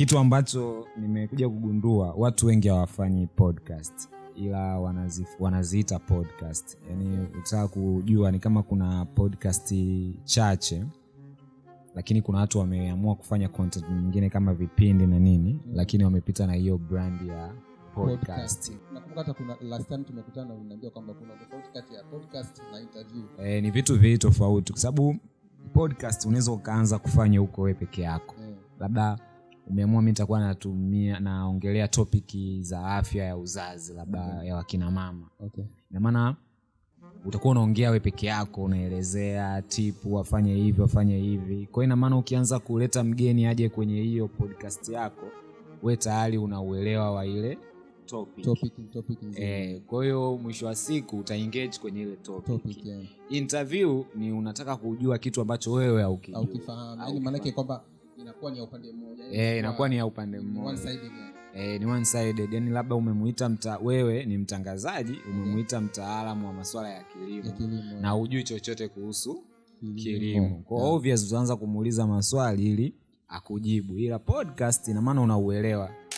kitu ambacho nimekuja kugundua watu wengi hawafanyi podcast ila wanaziita podcast yani ukitaka kujua ni kama kuna podcast chache lakini kuna watu wameamua kufanya content nyingine kama vipindi na nini mm. lakini wamepita na hiyo brand ya podcast nakumbuka hata kuna last time tumekutana unaambia kwamba kuna tofauti ya podcast na interview eh, ni vitu vili tofauti kwa sababu podcast unaweza ukaanza kufanya huko wewe peke yako mm. labda umeamua mi nitakuwa natumia naongelea topiki za afya ya uzazi labda mm-hmm. okay. ya wakinamama okay. inamaana utakuwa unaongea we peke yako unaelezea tipu wafanye hivi wafanye hivi kwao inamaana ukianza kuleta mgeni aje kwenye hiyo podcast yako we tayari una uelewa wa ile e, kwa hiyo mwisho wa siku utaengage kwenye ile topic. Topic, yeah. interview ni unataka kujua kitu ambacho wewe aukifahamu yani maanake kwamba inakuwa ni ya upande mmoja eh, yaani inakuwa ni ya upande mmoja one sided ni one sided yani, eh, labda umemuita mta, wewe ni mtangazaji umemuita mtaalamu wa masuala ya kilimo, na hujui chochote kuhusu kilimo, kilimo. Kwa hiyo utaanza kumuuliza maswali ili akujibu, ila podcast ina maana unauelewa